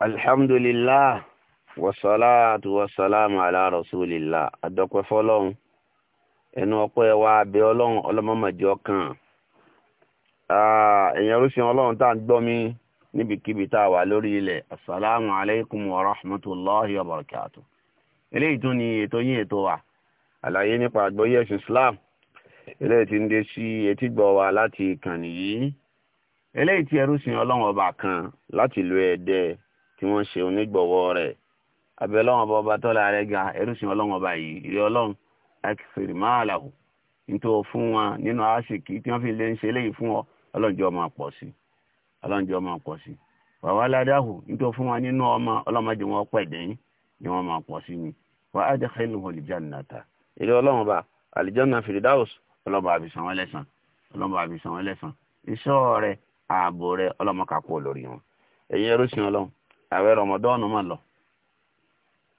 alhamdulillah wasalaatu wasalaamu ala rasulillah adọ́pẹ́ fọlọ́run ẹnu ọpẹ́ wa abẹ́ ọlọ́run ọlọ́mọmọdé ọkàn ẹ̀yìn arúsìn ọlọ́run tá à ń gbọ́ mi níbikíbi tá a wà lórí ilẹ̀ asalaamu alaykum wa rahmatulahi wa barakatu eléyìí tún ni ètò yín ètò wa àlàyé nípa àgbọ́yé ẹ̀sìn islam eléyìí ti ń dé sí gbọ wa láti ìkànnì yìí eléyìí ti ẹrú sin ọlọ́run ọba kan láti ìlú ẹ̀dẹ́ tí wọ́n ṣe onígbọ̀wọ́ rẹ̀ abẹ́ ọlọ́run ọba ọba tọ́lá rẹ̀ ga ẹrúsìn ọlọ́run ọba yìí ìrẹ́ ọlọ́run akifiri máa làwù nítorí fún wọn nínú aṣèkì tí wọ́n fi lè ń ṣe eléyìí fún ọ ọlọ́njọ́ máa pọ̀ sí ọlọ́njọ́ máa pọ̀ sí wàá ládàhù nítorí fún wọn nínú ọmọ ọlọ́mọdé wọn pẹ̀ dẹ́yìn ni wọ́n máa pọ̀ sí ni wàá adkhiluhu aljannata ìrẹ́ ọlọ́run ọba aljanna firdaus ọlọ́ba àbísàn wọn lẹ́sàn ọlọ́ba àbísàn wọn lẹ́sàn iṣẹ́ rẹ̀ ààbò rẹ̀ ọlọ́mọkàpọ̀ lórí wọn ẹrú sin ọlọ́run àwẹ̀ rọmọdọ́ọ̀nù mà lọ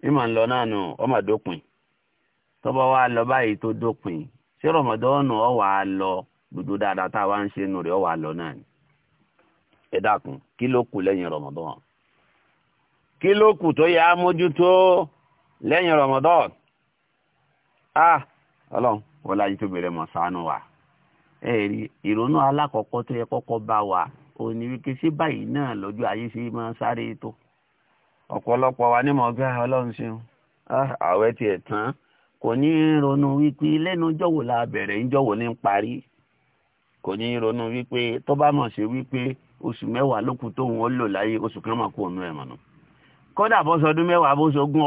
ìmọ̀ ma lọ náà nù ọmọ dópin tọ́bọ̀ wa lọ báyìí tó dópin ṣé rọmọdọ́ọ̀nù ọ wà lọ gbogbo dáadáa tá wá ń ṣe nù rẹ̀ wà á lọ náà ni ẹ kù lẹ́yìn rọmọdọ́ọ̀nù kí ló kù tó lẹ́yìn a ah, ọlọ́run wọlé ayé tó mọ̀ sánú wa ìrònú alákọ̀ọ́kọ́ tó yẹ kọ́kọ́ wa òní wíkẹ́ sí báyìí náà lọ́jọ́ sáré tó ọ̀pọ̀lọpọ̀ wa ní mọ̀gá ọlọ́run si ààwẹ̀ ah, tiẹ̀ tán kò ní ronú wípé lẹ́nu jọ̀wọ́ la bẹ̀rẹ̀ ń jọ̀wọ́ ní parí kò ní ronú wípé tó bá mọ̀ ṣe wípé oṣù mẹ́wàá ló tóun ó lò láyé oṣù kan mà kú ònú ẹ̀ mọ̀nà kódà bọ́sọdún mẹ́wàá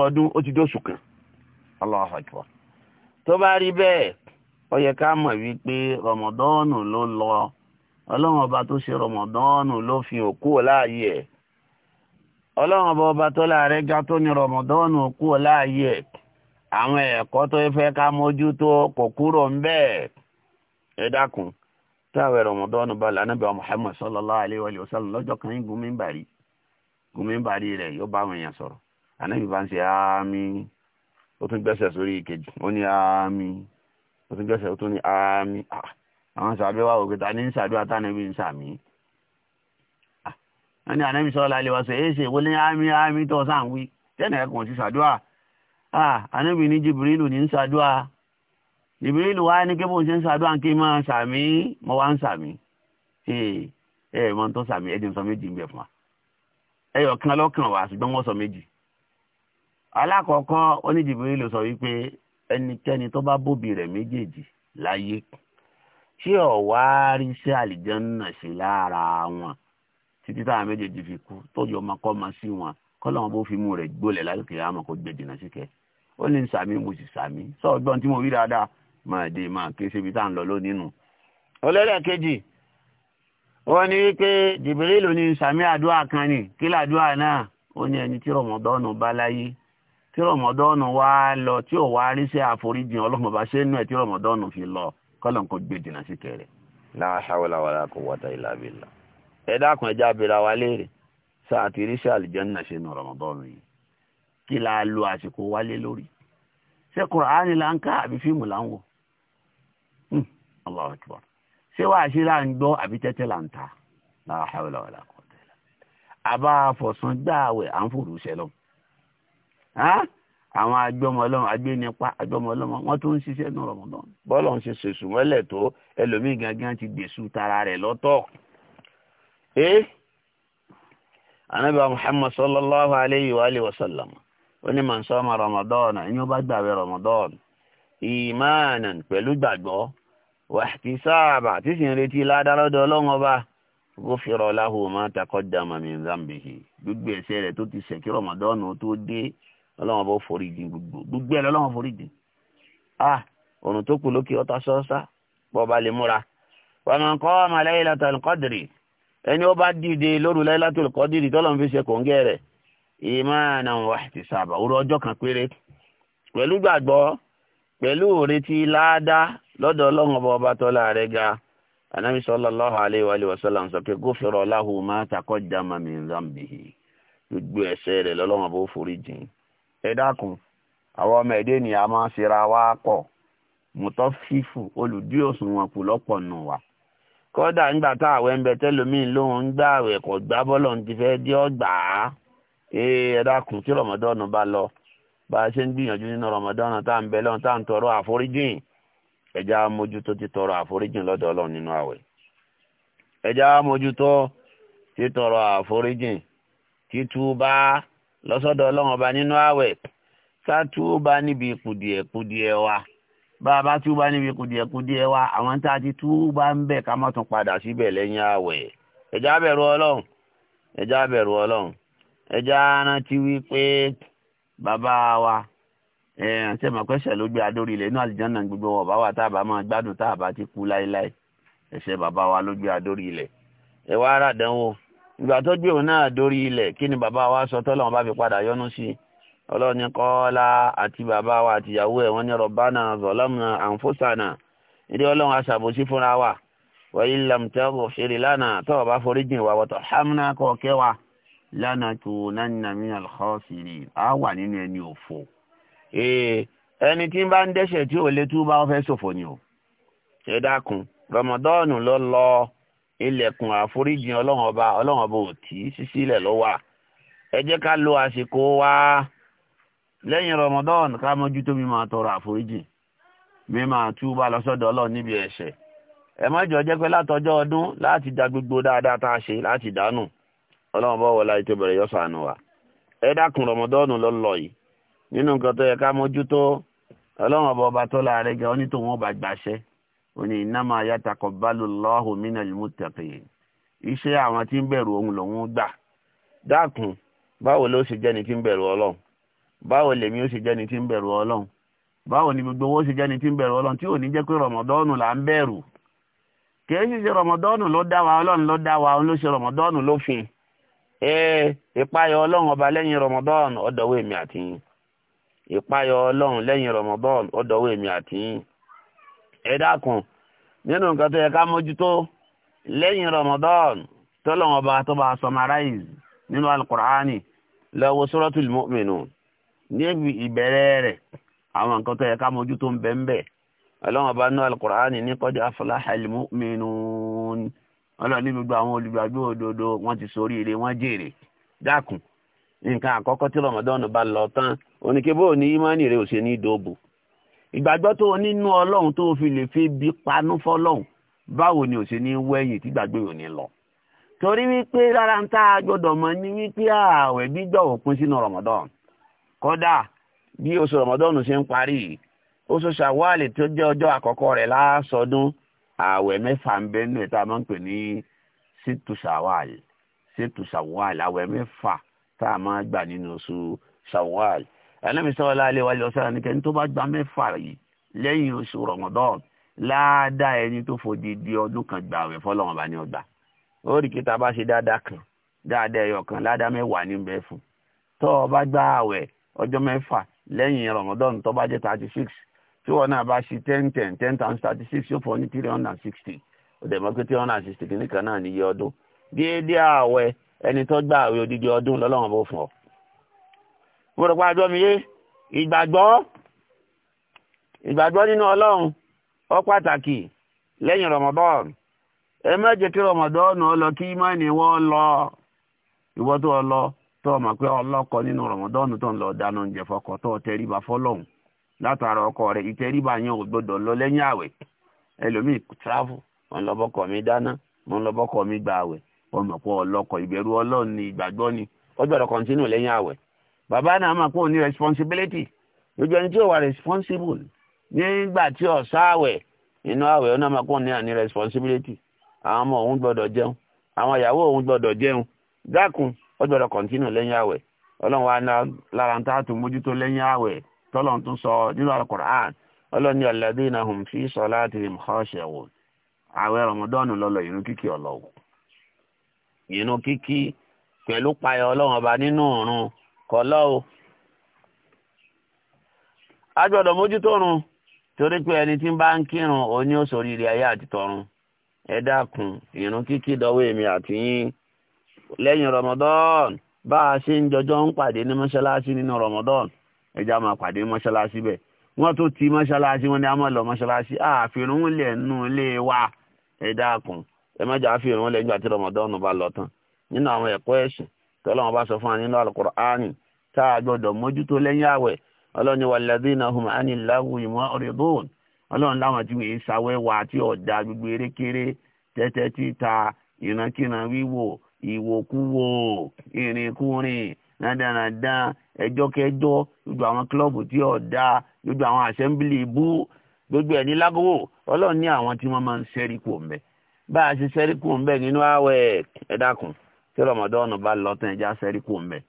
ọdún ó ti kan tó bá rí bẹ́ẹ̀ ó yẹ ká mọ̀ wípé rọmọdọ́ọ̀nù lọ ọlọ́run ọba tó ṣe rọmọdọ́ọ̀nù fi òkú láàyè ẹ̀ ọlọ́run ọba ọba tó láàrẹ́ ga tó ní rọmọdọ́ọ̀nù kú láàyè àwọn ẹ̀kọ́ tó fẹ́ ká mójútó kò kúrò ń bẹ́ẹ̀ ẹ dákun táwọn bá lànàbẹ̀ Muhammad sallallahu alaihi lọ́jọ́ kan rẹ̀ yóò bá sọ̀rọ̀ ànábì bá ń ṣe àmì ó tún gbẹ́sẹ̀ sórí ìkejì ó ní àmì ó tún gbẹ́sẹ̀ ó tún ní àmì ẹni ànẹ́mí sọ́lá ilé wa sọ èyí ṣe ìwọlé àmì àmì tó sàn wí tẹ́nà ẹ̀kùn ti ṣàdúrà ànẹ́mí ní jìbìrìlù ní ṣàdúrà jìbìrìlù wá ní kébò ṣe ń ṣàdúrà kí n máa ṣàmì mo wá ń ṣàmì ẹ ẹ mọ tó ṣàmì ẹ ti sọ méjì ń bẹ fún wa ẹyọ kan lọ́kàn wá ṣùgbọ́n wọ́n sọ méjì alákọ̀ọ́kọ́ ó ní jìbìrìlù sọ wípé ẹnikẹ́ni tó bá bóbi rẹ̀ méjèèjì láyé tí ọ̀wá rí sí àlìjẹ́ ń nà sí lára wọn títí táwọn méjèèjì fi kú tọ́jú ọmọ kọ́ ma sí wọn kọ́lọ́wọ́n bó fi mú rẹ̀ gbólẹ̀ lálùkè àmọ́ kó gbé jìnnà síkẹ́ ó ní sàmí mo sì sàmí sọ́ọ̀gbọ́n tí mo rí dáadáa máa dé máa ké síbi tá à ń lọ lónìí nù. ọlọ́dà kejì wọ́n ní wípé jìbìrìlù ní sàmí àdúrà kan ni kí làdúrà náà ó ní ẹni tí rọmọdọ́nù bá láyé tí rọmọdọ́nù wá lọ tí ò wá rí sí àforíjì ọlọ́mọba ṣé nú ẹ̀ tí rọmọdọ́nù fi lọ kọ́lọ́n ẹ dákun ẹja abira wa léèrè sáà ti rí sí àlìjẹ́nà ṣe nù rọ̀mọ́dọ́nù yìí kí la lo àsìkò wálé lórí ṣé kùránì là ń ká àbí fíìmù là ń wò hmm, Allahu akbar ṣé wàá ṣe là ń gbọ́ àbí tẹ́tẹ́ là ń ta la hawla wala quwwata illa billah àbá àfọ̀sán gbáàwẹ̀ à ń fòrò ṣẹlọ àwọn agbọmọlọmọ agbẹnipa agbọmọlọmọ wọn tó ń ṣiṣẹ́ nù rọ̀mọ́dọ́nù bọ́lọ̀ ń ṣe ṣèṣùmọ́lẹ̀ tó ẹlòmíì gangan ti dèṣù tara rẹ̀ lọ́tọ̀ eh anabi wa muhammad sallallahu alayhi wa alihi wa sallam oni man sama ramadan ẹni ó bá gbààwẹ̀ ramadan imanan pẹ̀lú gbàgbọ́ wa ihtisaba tí sì ń retí ládàlọ́dọ̀ ọlọ́run ọba ghufira lahu ma taqaddama min dhanbihi gbogbo ẹ̀ṣẹ̀ rẹ̀ tó ti ṣẹ̀ kí ramadan tó dé ọlọ́run ọba ó forí jìn gbogbo gbogbo ẹ̀ lọ́lọ́run forí jìn ah òrùn tó kù lókè ọta sọ́ọ́sá bọ́ọ̀ bá lè múra wa man qama laylatal qadri ẹni ó bá dìde lóru Lailatul dìde tọ́lọ́run fi ṣe kòńgẹ́ rẹ̀ imanan wa òru ọjọ́ kan péré pẹ̀lú gbàgbọ́ pẹ̀lú òretí láàdá lọ́dọ̀ ọlọ́run ọba ọba tọ́lá rẹ̀ ga anabi sallallahu alayhi wa sallam sọ pé gufira lahu ma taqaddama min dhanbihi gbogbo ẹ̀ṣẹ̀ rẹ̀ lọ́lọ́run ọba ó jìn ẹ dákun àwọn ọmọ ẹ̀dẹ́ ni a máa ń ṣera wa. kódà ńgbà tá àwẹ̀ ń bẹ lóhun ń gbà àwẹ̀ kò gbá bọ́lọ̀ ń ti dí ọgbà á ẹ dákun bá lọ bá a ṣe ń gbìyànjú nínú rọmọdọ́nù tá ń bẹ lọ́n ẹja mójútó ti tọrọ àforíjìn lọ́dọ̀ nínú ẹja mójútó ti tọrọ àforíjìn títúbà ọlọ́run ọba nínú níbi kùdìẹ̀kùdìẹ̀ wa. bàbá tí ó bá níbi kùdìẹ̀kùdìẹ̀ wa àwọn tá a ti tú bá ń bẹ̀ ká má tún padà síbẹ̀ lẹ́yìn àwẹ̀ ẹ̀já bẹ̀rù ọlọ́run ẹ̀já bẹ̀rù ọlọ́run ẹ̀já rántí wípé bàbá wa ṣe mọ̀ pẹ́sẹ̀ ló gbé adórí ilẹ̀ inú àlìjánà gbogbo wọn bá wà tá a bá máa gbádùn tá a bá ti kú láéláé ẹ̀ṣẹ̀ bàbá wa ló gbé adórí ilẹ̀ ẹ̀ wá ràdánwò ìgbà tó gbé òun náà dórí ilẹ̀ kí ni bàbá wa sọ tọ́lọ́run bá fi padà yọ́nú sí i ọlọ́run ní kọ́ọ́lá àti bàbá wa àti ìyàwó ẹ̀ wọ́n ní rọ̀bánà zọ̀lámùnà àǹfọ̀sànà ilé ọlọ́run aṣàbòsí fúnra wa wọ́yí lamtẹ́rù ṣeré lánàá tó o forí jìn wá wọ́tọ̀ hamna kọ́ kẹwa lánàá tó nánà mí alxọ́sìrì á wà nínú ẹni òfò. ẹni tí ń bá ń dẹ́ṣẹ̀ tí ò lè túbá wọn fẹ́ ṣòfò ni o. ṣe dákun rọmọdọ́ọ̀nù ló lọ ilẹ̀kùn àforíjìn ọlọ́run ọba ọlọ́run ọba òtí sísílẹ̀ ló ẹ jẹ́ ká lo àsìkò wa. lẹ́yìn Ramadan ká mọ́jútó mi máa tọrọ àforíjì mi máa túbà lọ́sọ̀dọ̀ Ọlọ́run níbi ẹ̀ṣẹ̀ ẹ má jọ jẹ́ pé látọjọ́ ọdún láti da gbogbo dáadáa tá a ṣe láti dánù Ọlọ́run bọ́ wa ẹ dákun Ramadan lọ́lọ́ yìí nínú nǹkan tó yẹ ká Ọlọ́run ọba ọba tó gẹ nítorí wọn bá òní báwo lèmi ó ṣe jẹ́ni tí ń bẹ̀rù ọlọ́run báwo ni gbogbo owó ṣe jẹ́ni tí ń bẹ̀rù ọlọ́run tí ò ní jẹ́ pé là ń bẹ̀rù ṣe ló dá wa ọlọ́run ló dá wa òun ló ṣe rọ̀mọ̀dọ́nù lófin ee ìpayọ ọlọ́run ọba lẹ́yìn rọ̀mọ̀dọ́nù ọ̀dọ̀wọ́ mi àti yín ìpayọ ọlọ́run lẹ́yìn rọ̀mọ̀dọ́nù ọ̀dọ̀wọ́ mi àti yín ẹ dákun nínú nǹkan tó yẹ ká mójútó lẹ́yìn tọ́lọ́run ọba tó níbi ìbẹ̀rẹ̀ rẹ̀ àwọn nǹkan tó yẹ ká tó ń bẹ ń bẹ ọlọ́run ọba náà alukur'ani ní kọjá aflahal mu'minun ọlọ́run ní gbogbo àwọn olùgbàgbọ́ òdodo wọ́n ti sórí wọ́n jèrè dákun nǹkan àkọ́kọ́ lọ tán oníkebó ò ṣe ní ìdòbò ìgbàgbọ́ tó o nínú ọlọ́run tó o fi lè fi ni ò ṣe ní wẹ́yìn tí gbàgbé ò ní lọ torí wípé rárá a gbọdọ̀ wípé ààwẹ̀ gbígbà kódà bí oṣù rọmọdọ́nù ṣe ń parí oṣù ṣàwálì tó jẹ́ ọjọ́ àkọ́kọ́ rẹ̀ lásọdún ààwẹ̀ mẹ́fà ń bẹ nínú ìta máa ń pè ní sítú ṣàwálì sítú ṣàwálì ààwẹ̀ mẹ́fà tá a máa gbà nínú oṣù ṣàwálì ẹlẹ́mi sọ́wọ́lá ilé wàlẹ̀ ọ̀sán ni kẹ́ni tó bá gba mẹ́fà yìí lẹ́yìn oṣù rọmọdọ́n láàdá ẹni tó fòdì di ọdún kan gbà ààwẹ̀ fọlọ́wọn bá ní ọgbà ó rí kí bá ṣe dáadáa kan dáadáa ẹyọ kan ládàá mẹ́wàá ní bẹ́ẹ̀ fún tọ́ bá gba ààwẹ̀ ọjọ́ mẹ́fà lẹ́yìn ramadan tó bá jẹ́ thirty six tí wọn náà bá ṣe ten ten ten times thirty six yóò ní three hundred and sixty ẹni tó gba odidi ọdún lọ́lọ́run bó fún ọ. mo rò pé àjọ mi yé ìgbàgbọ́ nínú ọlọ́run ọ pàtàkì lẹ́yìn ramadan ẹ má jẹ́ kí ramadan ọ lọ kí lọ tó ọ lọ tó o mọ̀ pé ọlọ́kọ nínú rọ̀mọ́dọ́ọ̀nù tó ń lọ dáná oúnjẹ fọkọ tó o tẹríba fọlọ́hún látara ọkọ rẹ̀ ìtẹríba yẹn ò gbọdọ̀ lọ lẹ́yìn àwẹ̀ ẹlòmíì tíráfù wọn lọ bọ́kọ mi dáná wọn lọ bọ́kọ mi gba àwẹ̀ wọn mọ̀ pé ọlọ́kọ ìbẹ̀rù ọlọ́run ni ìgbàgbọ́ ni ó gbọdọ̀ kọ́ntínú lẹ́yìn àwẹ̀ bàbá náà mọ̀ pé òun ní responsibility lójú ẹni tí ò wà responsible nígbà tí ò sáwẹ̀ inú àwẹ̀ ọ̀nà mọ̀ pé òun ní àní responsibility àwọn ọmọ òun gbọdọ̀ jẹun àwọn ìyàwó òun gbọdọ̀ jẹun dákun ó gbọ́dọ̀ kọ̀ntínú lẹ́yìn àwẹ̀ ọlọ́run wa lára tá a mójútó lẹ́yìn àwẹ̀ tọ́lọ̀n tó sọ nínú alukur'an ọlọ́run ní alladhina fi salatihim khashi'un àwẹ̀ rọmọdọ́ọ̀nù lọ́lọ́ ìrun kíkí ọlọ́run ìrun kíkí pẹ̀lú payọ̀ ọlọ́run ọba nínú gbọ́dọ̀ mójútó torí pé ẹni tí ń bá ń kírun ó ayé ẹ dákun lẹ́yìn Ramadan bá a ṣe ń jọjọ́ ń pàdé ní mọ́ṣáláṣí nínú Ramadan ẹja máa pàdé mọ́ṣáláṣí bẹ́ẹ̀ wọ́n tó ti mọ́ṣáláṣí wọn ní a máa lọ mọ́ṣáláṣí àfihàn lẹ̀ nù lé wa ẹ dákun ẹ má àfihàn bá lọ tán nínú àwọn ẹ̀kọ́ ẹ̀sìn tọ́lọ́wọ́n bá sọ fún wa nínú tá a gbọ́dọ̀ mójútó lẹ́yìn àwẹ̀ ìwòkúwò ìrìnkúrìn rádaràdá ẹjọ́kẹjọ́ gbogbo àwọn kílọ̀bù tí ọ̀dà gbogbo àwọn àṣẹ́ńbìlì ibú gbogbo ẹ̀ ní lágòwò ọlọ́run ní àwọn tí wọ́n máa ń ṣẹ́rí kù ọ̀mẹ́ bá a ṣe ṣẹ́rí kù ọ̀mẹ́ nínú ààwẹ̀ ẹ dákun tí rọmọdọ́ọ̀nù bá lọ tán ẹja ṣẹ́rí kù ọ̀mẹ́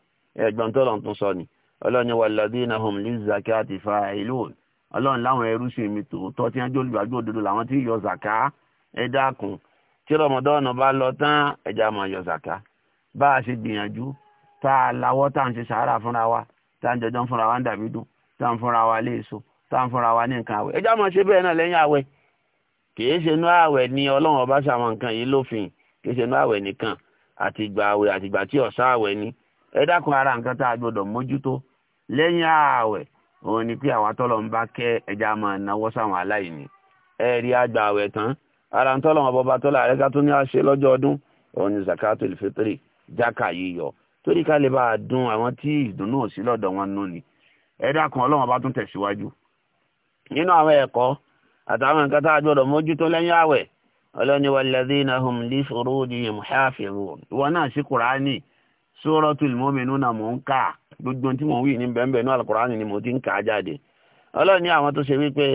ẹgbọ́n tó lọ́n tún sọ ni ọlọ́run ní walladhina hum lizzakati fa'ilun ọlọ́run láwọn ẹrú sí mi tòótọ́ tí wọ́n jólùgbàgbọ́ òdodo làwọn tí yọ zàká ẹ tí rọmọdọ́ọ̀nù bá lọ tán ẹja máa yọ zàká bá a ṣe gbìyànjú tá a lawọ́ tá à ń ṣe sàárà fúnra wa tá à ń jọjọ́ fúnra wa ń dàbí dùn tá à ń fúnra wa léèso tá à ń fúnra wa ní nǹkan àwẹ̀ ẹja máa ṣe bẹ́ẹ̀ náà lẹ́yìn àwẹ̀ kìí ṣe inú àwẹ̀ ni ọlọ́run ọba ṣàwọn nǹkan yìí lófin kìí ṣe inú àwẹ̀ nìkan àti ìgbà àwẹ̀ àti ìgbà tí ọ̀sán àwẹ̀ ni ẹ dákun ara nǹkan tá a gbọdọ̀ mójútó lẹ́yìn àwẹ̀ òun ni pé àwọn atọ́lọ́ ń bá kẹ́ ẹja máa ara ń tọ́lọ̀ wọn bọba tọ́lọ̀ àrẹ́ká tó ní àṣẹ lọ́jọ́ ọdún òun ni zakatul fitri jáka yíyọ torí ká lè bá a dùn àwọn tí ìdùnnú ò sí lọ́dọ̀ wọn nù ni ẹ dákun ọlọ́wọ́n bá tún tẹ̀síwájú nínú àwọn ẹ̀kọ́ àtàwọn nǹkan tá a gbọ́dọ̀ mójútó lẹ́yìn àwẹ̀ ọlọ́ni walladhina hum li furujihim hafizun ìwọ náà sí kùránì suratul mu'minuna mò ń kà gbogbo tí mò ń wí ní bẹ́ẹ̀ bẹ́ẹ̀ ní alukurani ni mo ti ń kà á jáde ọlọ́ni àwọn tó ṣe wípé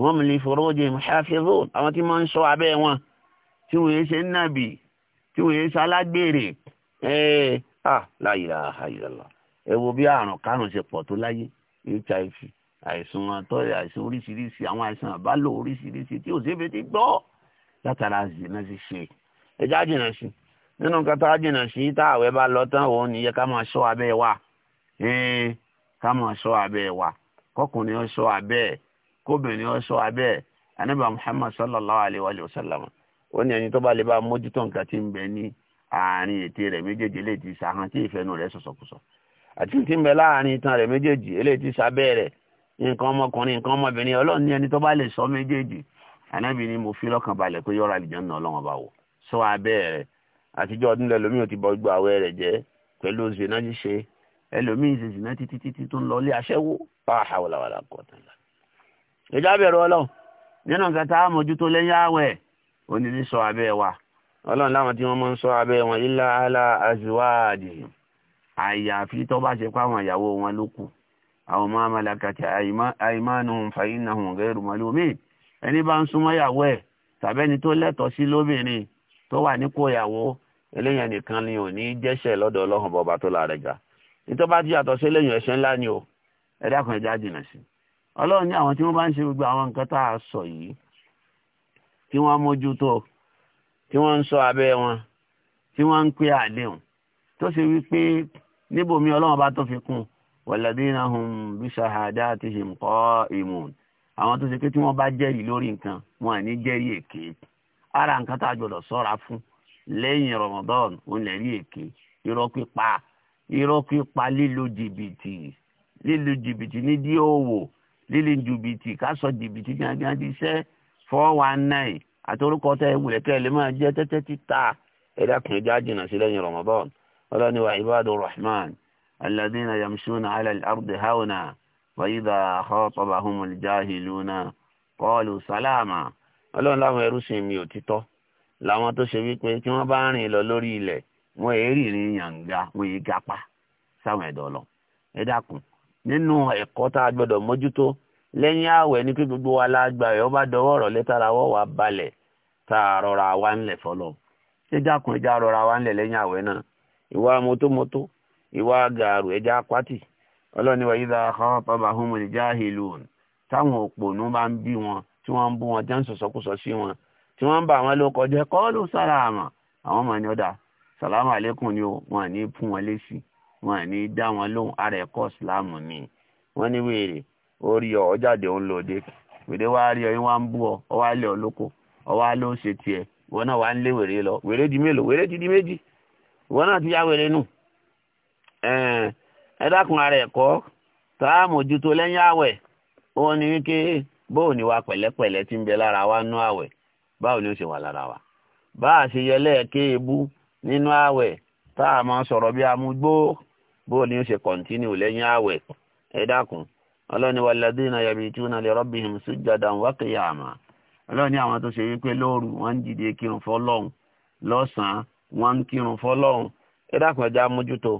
wọ́n mi lè fọ̀rọ̀ jẹ́ ìmọ̀ṣáfíìrò àwọn tí wọ́n ń sọ abẹ́ wọn tí wọ́n yé ṣe ń nàbì tí wọ́n yé ṣe alágbèrè ẹ̀ ah la ilaha illallah ẹ wo bí àrùn kárùn ṣe pọ̀ tó láyé hiv àìsàn àtọ́rẹ̀ àìsàn oríṣiríṣi àwọn àìsàn àbálò oríṣiríṣi tí ò sébi ti gbọ́ látara zina ti ṣe ẹja jìnnà sí nínú nǹkan tá a jìnnà sí tá àwẹ̀ bá lọ tán òun nìyẹn ká máa ṣọ́ abẹ́ wa ká máa ṣọ́ abẹ́ wa kọkùnrin ó ṣọ́ abẹ́ ẹ̀ kóbìnrin ó sọ abẹ́ ẹ̀ anábà muhammad sallallahu alayhi wa sallam ó ní ẹni tó bá lè bá mójútó nǹkan tí ń bẹ ní àárín ètè rẹ̀ méjèèjì eléyìí ti sàhán tí ìfẹnu rẹ̀ sọsọkùsọ àti tí ń bẹ láàárín itan rẹ̀ méjèèjì eléyìí ti sábẹ́ rẹ̀ nǹkan ọmọkùnrin nǹkan ọmọbìnrin ọlọ́run ní ẹni tó bá lè sọ méjèèjì anábì ni mo fi lọ́kàn balẹ̀ pé yọrọ àlìjọ náà ọlọ́run ọba wò sọ abẹ́ rẹ̀ àtijọ́ ọdún lẹ́lòmíì ti bọ́ gbọ́ àwẹ̀ rẹ̀ jẹ́ pẹ̀lú zina ṣíṣe ẹlòmíì ṣe zina títí títí tó ń lọ ilé aṣẹ́wó bá àhàwọ̀làwàlà ẹjọ́ bẹ̀rù ọlọ́run nínú nǹkan tá a mójútó lẹ́yìn àwẹ̀ òní ní sọ abẹ́ wa ọlọ́run láwọn tí wọ́n máa ń sọ abẹ́ wọn ilá ala azuwaadi àyàfi tó bá ṣe pa àwọn ìyàwó wọn ló kù àwọn ọmọ amalakati àìmánu fàyínà hùn gẹ́rù mọ́lómi ẹni bá ń súnmọ́ ìyàwó ẹ̀ tàbẹ́ni tó lẹ́tọ̀ọ́ sí lóbìnrin tó wà nípò ìyàwó eléyàn nìkan ni ò ní jẹ́ṣẹ̀ lọ́dọ̀ ọlọ́run bọ̀bá tó la rẹ̀ ga nítorí bá ti yàtọ̀ sí eléyàn ẹ̀ṣẹ̀ ńlá ni o ẹ dákun ẹ jìnnà sí i ọlọ́run ní àwọn tí wọ́n bá ń ṣe gbogbo àwọn nǹkan tá a sọ yìí tí wọ́n mójútó tí wọ́n ń sọ abẹ́ wọn tí wọ́n ń pé àdéhùn tó ṣe wípé níbòmí ọlọ́run bá tó fi kún walladhina hum bi shahadatihim qa'imun àwọn tó ṣe pé tí wọ́n bá jẹ́rìí lórí nǹkan wọn ní jẹ́rìí èké ara nǹkan tá a gbọ́dọ̀ sọ́ra fún lẹ́yìn Ramadan òun rí èké irọ́ pípa irọ́ pípa lílo jìbìtì lílo jìbìtì nídìí òwò lílì jìbìtì ká sọ jìbìtì gbìyànjú ti ṣẹ́ four one nine àti orúkọ tẹ ìwúlẹ̀ kẹ́ ẹ lè máa jẹ́ tẹ́tẹ́ títa ẹ̀dá kan ẹja jìnnà sí lẹ́yìn Ramadan ọlọ́ni wa ibadu rahman alladina yamshuna ala al-ardi hauna wa idha khatabahumul jahiluna qalu salama ọlọ́run láwọn ẹrú sin mi òtítọ́ làwọn tó ṣe wípé tí wọ́n bá rìn lọ lórí ilẹ̀ wọn èé rìnrìn yànga wọn èé gapá sáwọn ẹ̀dọ̀ lọ ẹ dákun nínú ẹ̀kọ́ tá a gbọ́dọ̀ mójútó lẹ́yìn ààwẹ̀ ní kí gbogbo wa lágbà ẹ̀ ọba dọwọ́ ọ̀rọ̀ lẹ́tara wọ́ wa balẹ̀ tá a rọra wa ńlẹ̀ fọlọ́ ṣéjà kun ẹja rọra wa ńlẹ̀ lẹ́yìn ààwẹ̀ náà ìwà mọ́tòmọ́tò ìwà gàrú ẹja pátì ọlọ́ni wa yíra àkàwọ́pàbà humul jahilun táwọn òpònú bá ń bí wọn tí wọ́n ń bú wọn tí wọ́n ń sọ̀sọ́kùsọ sí wọn tí wọ́n bá àwọn lóko jẹ́ kọ́ọ́lù sáláàmà àwọn ọmọ ni ó dáa àlékún ni ó wọn ní fún wọn lésì wọn ní dá wọn lóhùn ara ẹ̀kọ́ ìsìláàmù ni wọ́n ní wèrè ó rí ọ jáde òun wèrè wá rí ọ wá ń bú ọ ọ wá lé ọ lóko ọ wá ló ṣe náà wá ń lé wèrè lọ wèrè di mélòó wèrè ti di méjì náà ti yá wèrè nù ẹ dákun ara ti ń bẹ lára bó ni ó ṣe kọ̀ntínú lẹ́yìn ààwẹ̀ ẹ dákun ọlọ́ni walladhina yabituna li rabbihim sujjadan wa qiyama ọlọ́ni àwọn tó ṣe wípé lóru wọ́n ń dìde kírun fọ́lọ́hun lọ́sàn-án wọ́n ń kírun fọ́lọ́hun mójútó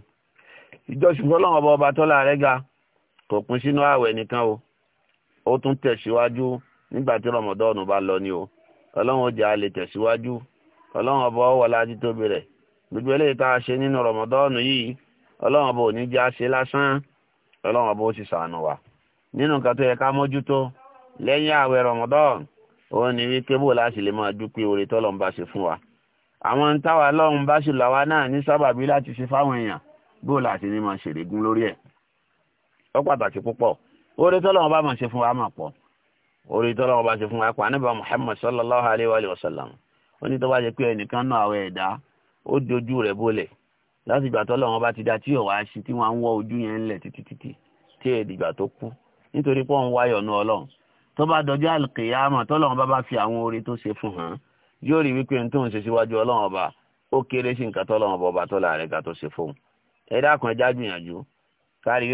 ìjọsìn ọba ọba tọ́lá rẹ̀ kò pín sínú ààwẹ̀ nìkan o ó tún tẹ̀síwájú nígbà tí lọ ni o ọlọ́run ó lè ọba ọwọ́ ọlọ́run ọba ò ní jẹ́ àṣe lásán ọlọ́run ọba ó sì sànù wa nínú nǹkan tó yẹ ká mójútó lẹ́yìn ààwẹ̀ rọmọdọ́n òun ni wípé bó láti lè máa dúpẹ́ oore tọ́lọ́run bá ṣe fún wa àwọn táwa ọlọ́run bá ṣe làwa náà ní sábàbí láti ṣe fáwọn èèyàn bó láti ní máa ṣèrègùn lórí ẹ̀ ó pàtàkì púpọ̀ oore tọ́lọ́run bá máa ṣe fún wa máa pọ̀ oore tọ́lọ́run bá ṣe fún wa pa níbà Muhammad sallallahu alayhi wa sallam ó ní tó bá jẹ́ pé ẹnìkan náà àwẹ̀ ẹ̀dá ó dojú rẹ̀ bólẹ̀ láti ìgbà tó lọ́wọ́n bá ti da tí òwà ṣe tí wọ́n á ń wọ́ ojú yẹn ńlẹ̀ títí títí tí èdè ìgbà tó kú nítorí pé òun wáyọ̀ nu ọlọ́run tó bá dọjọ́ àlùkìyàmọ̀ tó lọ́wọ́n bá bá fi àwọn oore tó ṣe fún hàn yóò rí wípé tó ń ṣe síwájú ọlọ́run ọba ó kéré sí nǹkan tó lọ́wọ́n bọba tó láàrẹ̀ ga tó ṣe fóun ẹ dákun ẹja gbìyànjú kárí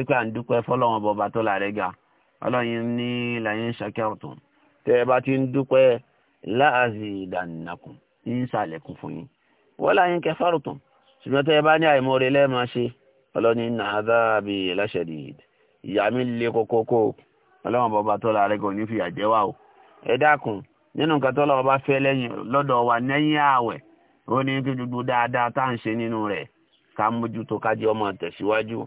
ṣùgbọ́n tẹ́ ẹ bá ní àìmọ́re lẹ́ẹ̀mọ́ ṣe ọlọ́ni nàádáàbí ẹlẹ́ṣẹ̀dì ìyá mi lè kókókó ọlọ́wọ́n bọba tó láàrẹ kò ní o ẹ dákun nínú nǹkan tó fẹ́ lẹ́yìn lọ́dọ̀ wa ààwẹ̀ ó ní kí gbogbo dáadáa tá à ń ṣe nínú rẹ̀ ká mójútó ká jẹ́ ọmọ tẹ̀síwájú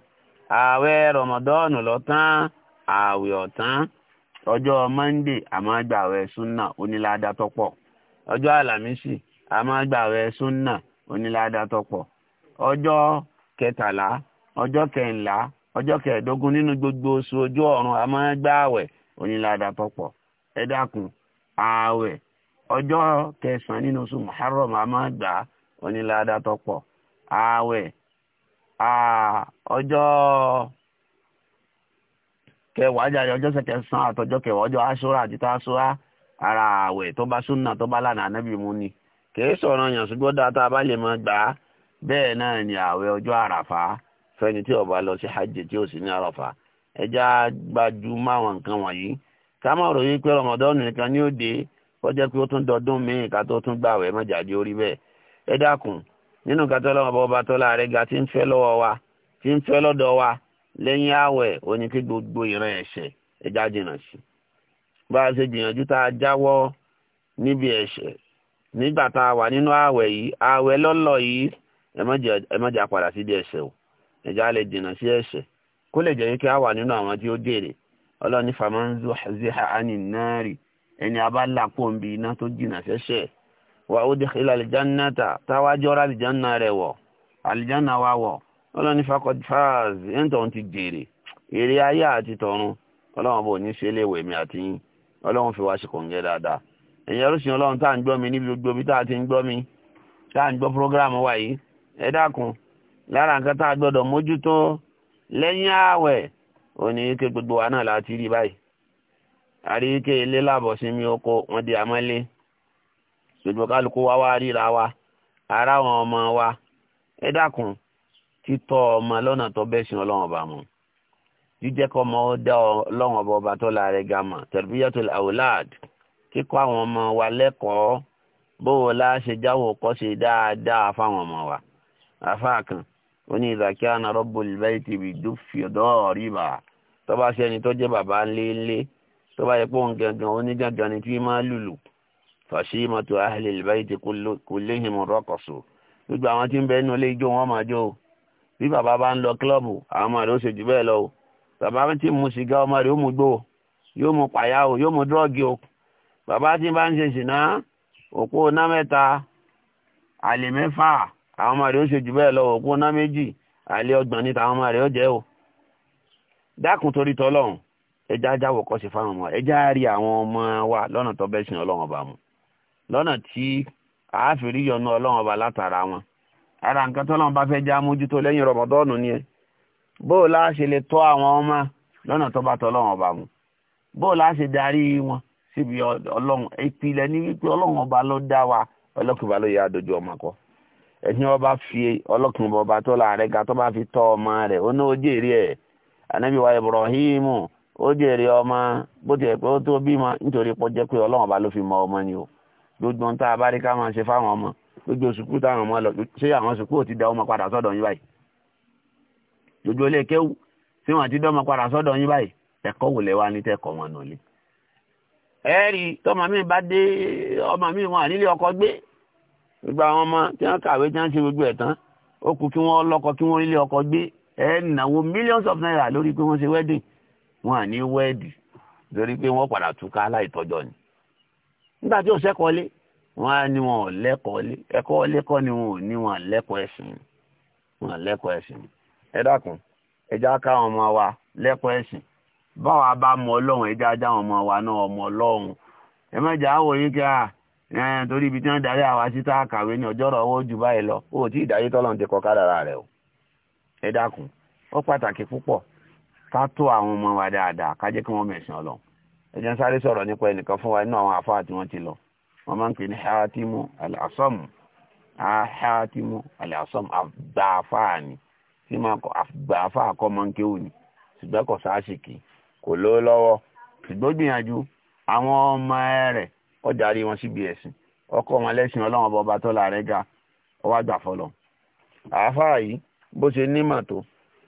ààwẹ̀ rọmọdọ́ọ̀nù ààwẹ̀ ọjọ́ mọ́ndé ọjọ́ kẹtàlá ọjọ́ kẹńlá ọjọ́ kẹẹ̀ẹ́dógún nínú gbogbo oṣù ojú ọ̀run a onílàdà tọ̀pọ̀ ẹ ọjọ́ kẹsàn-án nínú oṣù muharram a gbà onílàdà tọ̀pọ̀ àwẹ̀ ọjọ́ kẹwàá jáde ọjọ́ àtọjọ́ kẹwàá ọjọ́ aṣọra ara tó bá bẹ́ẹ̀ náà ni ààwẹ̀ ọjọ́ àràfà fẹ́ni tí ọba lọ sí hajj tí ó sì ní àràfà ẹja gbajúmọ̀ àwọn nǹkan wọ̀nyí ká má ròyí pé rọmọdọ́nù nìkan ní òde ó pé ó tún dọdún míì ká tó tún gbààwẹ̀ má jáde orí bẹ́ẹ̀ ẹ dákun nínú kátó ọlọ́mọba ọba tọ́lá rẹ̀ ga tí ń fẹ́ lọ́wọ́ wa tí ń fẹ́ lọ́dọ̀ wa lẹ́yìn ààwẹ̀ kí gbogbo ìran ẹ̀ṣẹ̀ ẹja sí bá a ṣe gbìyànjú tá a jáwọ́ níbi ẹ̀ṣẹ̀ nígbà tá a wà nínú ààwẹ̀ yìí ẹ má jà padà síbi ẹ̀ṣẹ̀ o ẹ̀já lè dènà sí ẹ̀ṣẹ̀ kó lè jẹ́ wípé a wà nínú àwọn tí ó dèrè ọlọ́ni famanzu ziha ani nari ẹni a bá là kó ń bi iná tó jìnà sẹ́ṣẹ̀ wa ó dé ilé alìjánná ta táwa jọra alìjánná rẹ̀ wọ̀ alìjánná wa wọ̀ ọlọ́ni fakọd faz ẹ̀ńtọ́ ti dèrè èrè ayé àti tọ̀run ọlọ́run bò ní ṣe léèwé mi àti yín ọlọ́run fi wá ṣe kòǹgẹ́ dáadáa ẹ̀yin ẹrú tá à ń gbọ́ mi níbi gbogbo bí tá a ti ń gbọ́ mi tá à ń gbọ́ prógráàmù wa ẹ dákun lára nǹkan tá a gbọ́dọ̀ mójútó lẹ́yìn ààwẹ̀ òní ike gbogbo wa náà láti rí báyìí àrí ike ilé làbọ̀sími oko wọn di àmọ́lé ṣùgbọ́n kálukú wá wá ríra wa ara àwọn ọmọ wa ẹ dákun títọ́ ọmọ lọ́nà tó bẹ́sìn ọlọ́run ọba mu jíjẹ́ kọ́ ọmọ ó dá ọlọ́run ọba ọba tó la rẹ̀ ga mọ̀ tarbiyatul awlad kíkọ́ àwọn ọmọ wa lẹ́kọ̀ọ́ bó o la ṣe jáwọ́ kọ́ ṣe dáadáa fáwọn ọmọ wa àfáà kan ó ní ìdàkí àná rọ́bù ìbẹ́yì ti bì dùn fìdọ́ rìbà tó bá ṣe ẹni tó jẹ́ bàbá ńléńlé tó bá yẹ pé òun gangan ó ní gangan ni tí máa lùlù fàṣí mọ́tò ahli ìbẹ́yì ti kò léhìn mọ́ rọ́kọ̀ṣù gbogbo àwọn tí ń bẹ nínú ilé ijó wọn máa jó bí bàbá bá ń lọ kílọ̀bù àwọn ọmọ rẹ̀ ó ṣe jù bẹ́ẹ̀ lọ o bàbá tí mu sìgá ọmọ rẹ̀ ó mu gbó yóò mu pàyà o yóò mu dúrọ́ọ̀gì o bàbá tí bá ń ṣe ṣìnà òpó ná mẹ́ta àlè mẹ́fà àwọn ọmọ rẹ̀ ó ṣe jù bẹ́ẹ̀ lọ òkú ọ̀nà méjì àlẹ́ ọgbọ̀n ní tàwọn ọmọ rẹ̀ ó jẹ́ o dákùn torí tọ́lọ́run ẹja fáwọn ọmọ ẹja rí àwọn ọmọ wa lọ́nà tó bẹ́ sìn ọba mu lọ́nà tí yọnu ọba látara wọn ara bá fẹ́ já mójútó lẹ́yìn rọmọdọ́ọ̀nù ni ẹ ẹni ọba fi ọlọ́kùnrin bọba tó la bá fi tọ́ ọmọ rẹ ó ní ó jèrè ẹ̀ ẹ wa Ibrahim ó jèrè ọmọ bó tiẹ̀ pé ó tó bímọ nítorí pọ́ jẹ́ pé fi mọ ọmọ ni o gbogbo nta abarika ma ká ọmọ gbogbo sùkúù táwọn ọmọ lọ ṣé àwọn sùkúù ti da ọmọ padà yín báyìí gbogbo ilé kéwù tí ti ọmọ padà sọdọ yín báyìí ní wọn nù gbogbo àwọn ọmọ tí wọ́n kàwé tí wọ́n ṣe gbogbo ẹ̀ tán ó kí wọn lọ́kọ kí wọn ilé ọkọ gbé ẹ̀ wo millions of naira lórí pé wọn ṣe wedding wọn à ní lórí pé wọn padà túká láìtọ́jọ́ ni nígbà tí ò sẹ́kọ̀ọ́lé wọn á ní wọn ò ni wọn ò ní wọn ẹ̀sìn wọn ẹ̀sìn ẹ dákun ọmọ wa ẹsìn, báwa mọ ọmọ wa náà ọmọ torí ibi tí wọ́n darí àwa sí tá a kàwé ní ọjọ́rọ̀ owó jù báyìí lọ ó tí ìdáyé tọ́lọ̀ ti kọ kádàrà rẹ̀ o ẹ dákun ó pàtàkì púpọ̀ ká tó àwọn ọmọ wa dáadáa ká jẹ́ kí wọ́n mẹ̀sìn Ọlọ́run ẹ jẹ́ ń sáré sọ̀rọ̀ nípa ẹnìkan fún wa nínú àwọn àfáà tí wọ́n ti lọ wọ́n máa ń pè ní Hatimu al-Asamu Hatimu al-Asamu àgbààfáà ni tí máa kọ àgbààfáà kọ́ máa ń kéwù ni ṣùgbọ́n kò sáàṣìkì kò lówó lọ́wọ́ ṣùgbọ́n gbìyànjú àwọn ọmọ rẹ̀ ọ darí wọn síbi ẹ̀sìn ọkọ wọn lẹ́sìn ọlọ́run ọba tó láàrẹ ga ọwọ́ fọlọ. àáfàá yìí bó ṣe nímọ̀ tó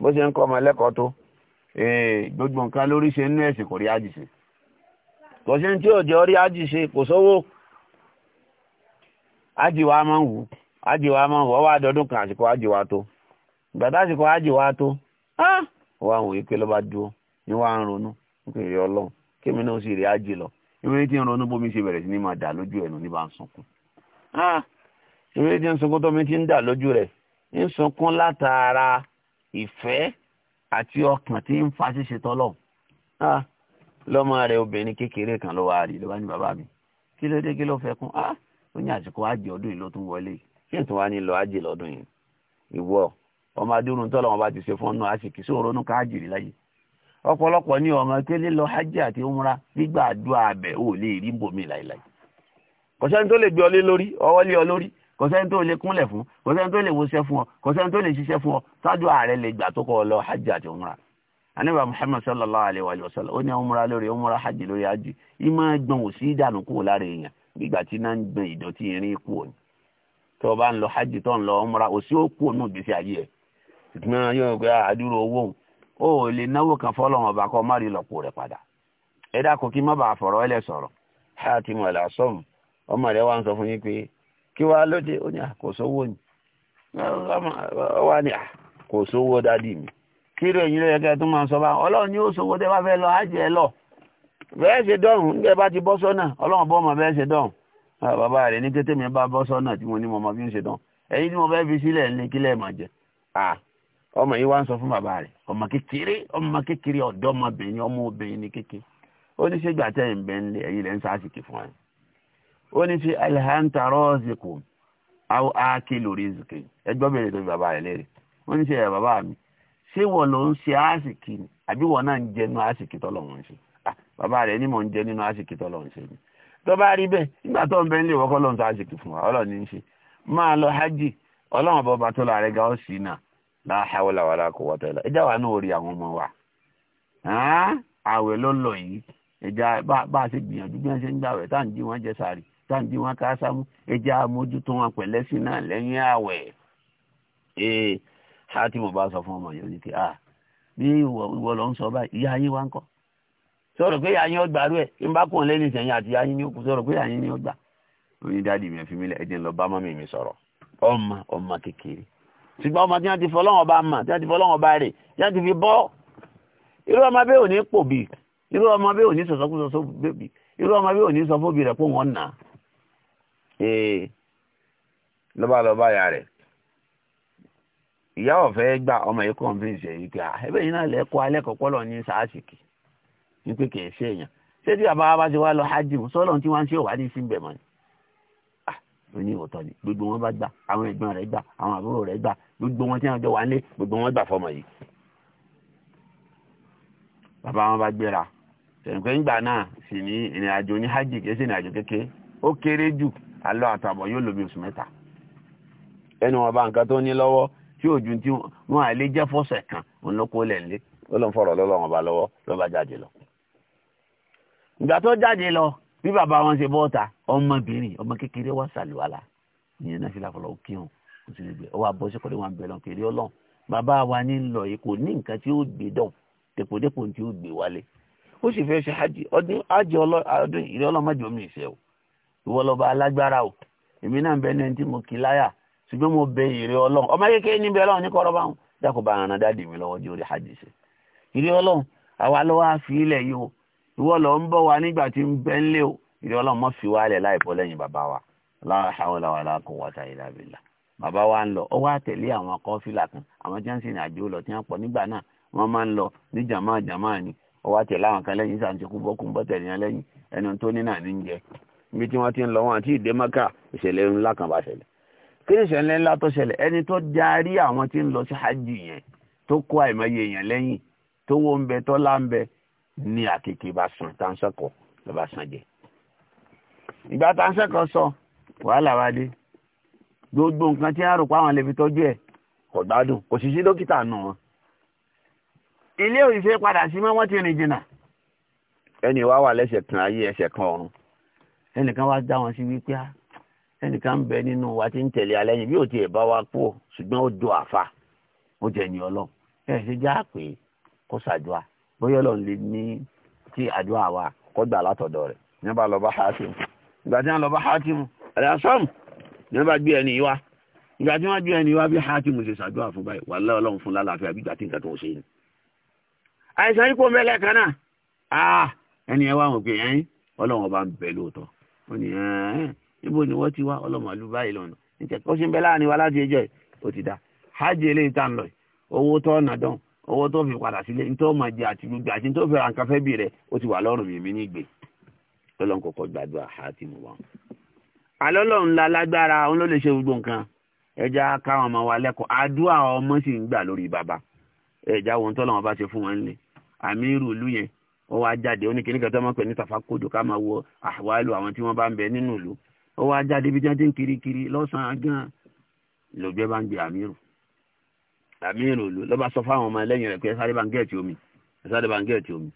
bó ṣe ń kọ ọmọ ẹlẹ́kọ̀ọ́ tó eh, gbogbo nǹkan lórí ṣe nínú ẹ̀sìn kò rí àjìṣe kò tí ò àjìṣe kò sówó àjìwá máa ń wù àjìwá máa ń wù á ewúrẹ́ tí ń ronú bómi ṣe bẹ̀rẹ̀ sí ni máa dà lójú ẹ̀nu ní bá ń sunkún ah, ewúrẹ́ tí ń sunkún tómi ti ń dà lójú rẹ̀ ń sunkún látara ìfẹ́ àti ọkàn tí ń fa ṣíṣe tọ́lọ̀ ah, lọ́mọ rẹ̀ obìnrin kékeré kan ló wá rí ló bá ní bàbá mi kí ló dé kí ló fẹ́ kún ah, ó ní àsìkò àjì ọdún yìí ló tún wọlé kí n tún wá ní lọ lọ́dún yìí ìwọ ọmọ adúrún tọ́lọ́ wọn bá ti ṣe fọ́nù àṣìkì sóòrónú ká ọ̀pọ̀lọpọ̀ ní ọ̀ràn pé lílọ hajj àti umra gbígbà àdúrà abẹ ò lè rí bòmí láìláì kò sẹ́ni tó lè gbé ọlé lórí ọwọ́ lé ọ lórí kò sẹ́ni tó lè kúnlẹ̀ fún kò sẹ́ni tó lè wọṣẹ́ fún ọ kò sẹ́ni tó lè ṣiṣẹ́ fún ọ ṣáájú ààrẹ lè gbà tó kọ́ ọ lọ hajj àti umra anábà muhammad sallallahu alayhi wa sallam ó ní umra lórí umra hajj lórí hajj ìmọ̀ gbọ̀n ò sí ìdànù kúrò lára èèyàn gbígbà tí náà ń gbọ̀n ìdọ̀tí irin kú òní tó o bá ń lọ hajj tó ń lọ umra ò sí ó kú ònú ìgbésí ayé ẹ̀ ṣùgbọ́n yóò gbé àdúrà owó òun o ò lè náwó kan fọ́lọ́run ọba kọ́ má rí lọ́pọ̀ rẹ̀ padà ẹ dákun kí má bàa fọ̀rọ̀ ẹlẹ̀ sọ̀rọ̀ láti mọ̀ ẹ̀là sọ́ọ̀mù ọmọ rẹ̀ wá ń sọ fún yín pé kí wàá lóde ó ní kò sówó ni wá ní kò sówó dádì mi kí ló ẹ̀yin lóye kẹ́ tó máa ń sọ bá ọlọ́run ni ó sówó tẹ́ bá fẹ́ lọ á jẹ́ lọ bẹ́ẹ̀ ṣe dọ̀rùn nígbà bá ti bọ́ sọ́nà ọlọ́run bọ́ ọmọ bẹ́ẹ̀ ṣe dọ̀rùn bàbá rẹ̀ ní kété mi bá bọ́ sọ́nà tí mo ní mo mọ bí ń ṣe dán ẹ̀yin tí mo fẹ́ fi sílẹ̀ ní kílẹ̀ mà jẹ́ ọmọ yìí wá ń fún bàbá rẹ̀ ọmọ kékeré ọmọ kékeré ọ̀dọ́ ọmọbìnrin ọmọ obìnrin ní kéke ó ní ṣé gbàtẹ́ ẹ̀ fún ẹ̀ ó ní ṣe alihanta rọ́ọ̀sìkò àwọn ákè lórí ìzùkè ẹgbọ́n bèrè tó bàbá ó ní ṣe bàbá mi ṣé ló ń ṣe àsìkì ni àbí náà ń àsìkì ṣe ah, bàbá ni mò ń jẹ nínú àsìkì ṣe ni rí láhàwọ́lá wàlá kò wọ́tọ̀ ẹ̀lá ìjà wà náà orí àwọn ọmọ wa àwẹ̀ ló lọ yìí ìjà bá a ṣe gbìyànjú bí wọ́n ṣe ń gbàwẹ̀ tá à ń jí wọn jẹ sàárì tá à ń jí wọn ká sámú ìjà àmójútó wọn pẹ̀lẹ́ sí náà lẹ́yìn àwẹ̀ ee ṣáàtì mo bá sọ fún ọmọ yẹn ní kí a bí ìwọ lọ ń sọ báyìí ìyá yín wá ń kọ́ sọ̀rọ̀ pé ìyá yín ó gbàrú ẹ̀ kí n bá kùn lẹ́nu ìsẹ̀yìn àti ìyá yín ní òkú sọ̀rọ̀ pé ìyá yín ní ó gbà. onídàádi mi fi mi lẹ ẹ jẹ́ n lọ mi sọ̀rọ̀ ọmọ ọmọ kékeré ṣùgbọ́n ọmọ tí wọ́n ti fọlọ́wọ́n bá mà tí wọ́n ti fọlọ́wọ́n bá rè tí wọ́n ti fi bọ́ irú ọmọ bẹ́ẹ̀ ò ní pò bì irú ọmọ bẹ́ẹ̀ ò ní sọ̀sọ́kúsọ bèbì irú ọmọ bẹ́ẹ̀ ò ní sọ fóbi rẹ̀ pé wọ́n nà ee lọ́ba lọ́ba ya rẹ̀ ìyá ọ̀fẹ́ gbà ọmọ yìí convince ẹ̀ yìí pé ah, ẹbẹ̀ yìí náà lẹ́kọ́ alẹ́kọ̀ọ́ pọ́lọ̀ ní sàásìkì ní pé kì í ṣe èèyàn ṣé tí bàbá wa bá ti wá lọ hajj sọ́lọ́n tí wọ́n ń ṣe òwádìí sí ń bẹ̀ mọ́ ó ní ni gbogbo wọn bá gbà àwọn ẹ̀gbọ́n rẹ̀ gbà àwọn àbúrò rẹ̀ gbà gbogbo wọn tí wọn jọ wà ní gbogbo wọn gbà fọmọ yìí. bàbá wọn bá gbéra ṣèǹkẹ́ ńgbà náà sì ní ìrìn àjò ní hajj kìí ṣe ìrìn àjò kékeré ó kéré jù alọ́ àtàbọ̀ yóò lò bí oṣù mẹ́ta. ẹnu wọn bá nǹkan tó ní lọ́wọ́ tí òjò tí wọn jẹ́ fọ́sẹ̀ kan òun ló kó bí bàbá wọn ṣe bọ́ ta ọmọbìnrin ọmọ kékeré wá sàlùwàlà ìyẹn náà fi làfọlọ́ kírun kò sí lẹ́gbẹ̀ẹ́ ọwọ́ àbọ̀ṣẹ́kọ̀ọ́ lè wà ń bẹ̀ lọ́n kéré ọlọ́run bàbá wa ní lọ yìí kò ní nǹkan tí ó gbé dán dèpòdèpò tí ó gbé wálé ó sì fẹ́ ṣe hajj ọdún hajj ọdún ìrẹ́ ọlọ́mọdé omi ìṣe o ìwọ lọ́ba alágbára o èmi náà bẹ ní ẹni tí mo kì láyà ṣùgbọ́n mo ìwọ lọ ń bọ̀ wá nígbà tí ń bẹ́ ń lé o ìdí ọlọ́mọ fi wá lẹ̀ láìpọ̀ lẹ́yìn bàbá wa la hawla wala quwwata illa billah bàbá wa ń lọ ó wá tẹ̀lé àwọn kọ́fìlà kan àwọn tí wọ́n ń sìn àjò lọ tí wọ́n pọ̀ nígbà náà wọ́n máa ń lọ ní jàmá jàmá ni ó wá tẹ̀lé àwọn kan lẹ́yìn sàn ti kú bọ́ kú bọ́ tẹ̀lé wọn lẹ́yìn ẹni tó ní náà ní jẹ ibi tí ni ìṣẹ̀lẹ̀ ńlá tó ṣẹlẹ̀ ní àkèké bá san táǹsẹ̀kọ̀ ló bá san jẹ. ìgbà táǹsẹ̀kọ̀ sọ wàhálà wa dé gbogbo nǹkan tí àròpọ̀ àwọn lè fi tọ́jú ẹ̀ kò gbádùn kò sì sí dókítà nù wọn. ilé òṣìṣẹ́ padà sí mọ́ wọ́n ti rìn jìnnà. ẹni wá wà lẹ́sẹ̀ kan ayé ẹsẹ̀ kan ọ̀run ẹnìkan wá dá wọn sí wípé ah, ẹnìkan ń bẹ nínú wa ti ń tẹ̀lé alẹ́ yìí bí ò tiẹ̀ bá wa kú ṣùgbọ́n ó do àfa ó jẹ́ ẹni ọlọ́run ẹ̀ ṣe já pé kó ṣàdúrà bóyá lọ́n lè ní tí àdúrà wa kó gbà látọ̀dọ̀ rẹ̀ ní bá lọ bá Hátìmù ìgbà tí wọ́n lọ bá Hátìmù ẹ̀rẹ́ asọ́mù ní wọ́n bá gbé ẹni wá ìgbà tí wọ́n gbé ẹni wá bí Hátìmù ṣe ṣàdúrà fún báyìí wà lọ́ọ̀lọ́run fún lálàáfíà bí ìgbà tí nǹkan tó ṣe ni. àìsàn ipò mẹ́lẹ̀ kan náà ah, ẹni ẹ wá wọn pé ẹyin ọlọ́run ọba ń bẹ lóòótọ́ ó ní níbo ni wọ́n ti wá ọlọ́run àlú báyìí lọ́nà owó tó fi padà sílé ní tó máa jẹ àti gbogbo àti tó fẹ́ràn nǹkan fẹ́ bì rẹ̀ ó ti wà lọ́rùn mi mi nígbè lọ́lọ́n kọ́kọ́ gbàdúrà àti mọ̀ alọ́lọ́run la lágbára òun ló lè ṣe gbogbo nǹkan ẹja káwọn ọmọ wa lẹ́kọ̀ọ́ àdúrà ọmọ sì ń gbà lórí bàbá ẹja wọn tọ́lọ́ wọn bá ṣe fún wọn nílé àmì irú ìlú yẹn ó wá jáde ó ní kíní kan tó máa pè ní tàfàkójò ká máa wo àwálò àwọn tí wọ́n bá ń bẹ nínú ìlú ó wá jáde bí jáde ń kirikiri lọ́sàn-án gan lògbé bá ń gbé àmì àmírù ìlú ló bá sọ fáwọn ọmọ ẹlẹ́yìn rẹ̀ pé sáré bangẹ́ẹ̀tì omi sáré bangẹ́ẹ̀tì omi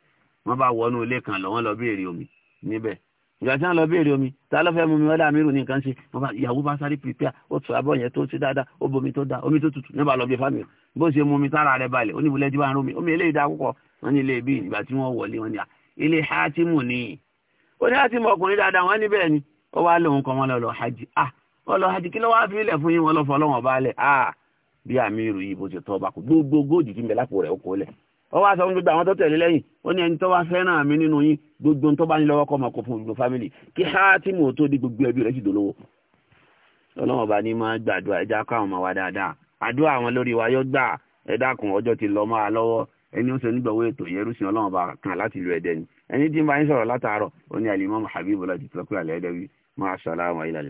wọ́n bá wọnú ilé kan lọ wọ́n lọ béèrè omi níbẹ̀ ìgbà tí wọ́n lọ béèrè omi tá ló fẹ́ mú mi wọlé àmírù ní ṣe wọ́n bá ìyàwó bá sáré pípẹ́ ó tún abọ́ yẹn tó ṣe dáadáa ó bomi tó da omi tó tutù ní bá lọ bí fámìlì bó ṣe mú mi tára rẹ̀ balẹ̀ oníbulẹ̀ tí wọ́n ń rómi omi eléyìí dá púpọ̀ wọ́n ní ilé ibi ìgbà tí wọ́n wọlé ni ó ní hátìmù ọkùnrin dáadáa wọ́n níbẹ̀ ni ó ah wọ́n lọ hajj kí ló wá fi ilẹ̀ ah bí àmì ìrù yìí bó ṣe tọ́ ọba kù gbogbo góòjì tí ń bẹ lápò rẹ̀ ó kó lẹ̀ ó wá sọ fún gbogbo àwọn tó tẹ̀lé lẹ́yìn ó ní ẹni tó wá fẹ́ràn mi nínú yín gbogbo tó bá ní lọ́wọ́ kọ́ ọmọkọ fún gbogbo fámìlì kí á tí mò ń tó di gbogbo ẹbí rẹ̀ sì dolówó. ọlọ́wọ́n bá ní máa gbàdúrà ẹja kọ́ àwọn ọmọ wa dáadáa àdúrà àwọn lórí wa yóò gbà ẹ dákun ọjọ́ ti lọ máa lọ́wọ́ ẹni ó ṣe nígbàwó ètò yẹn rúṣin ọlọ́wọ́n bá kan láti lu ẹ̀dẹ́ ni ẹni tí ń bá yín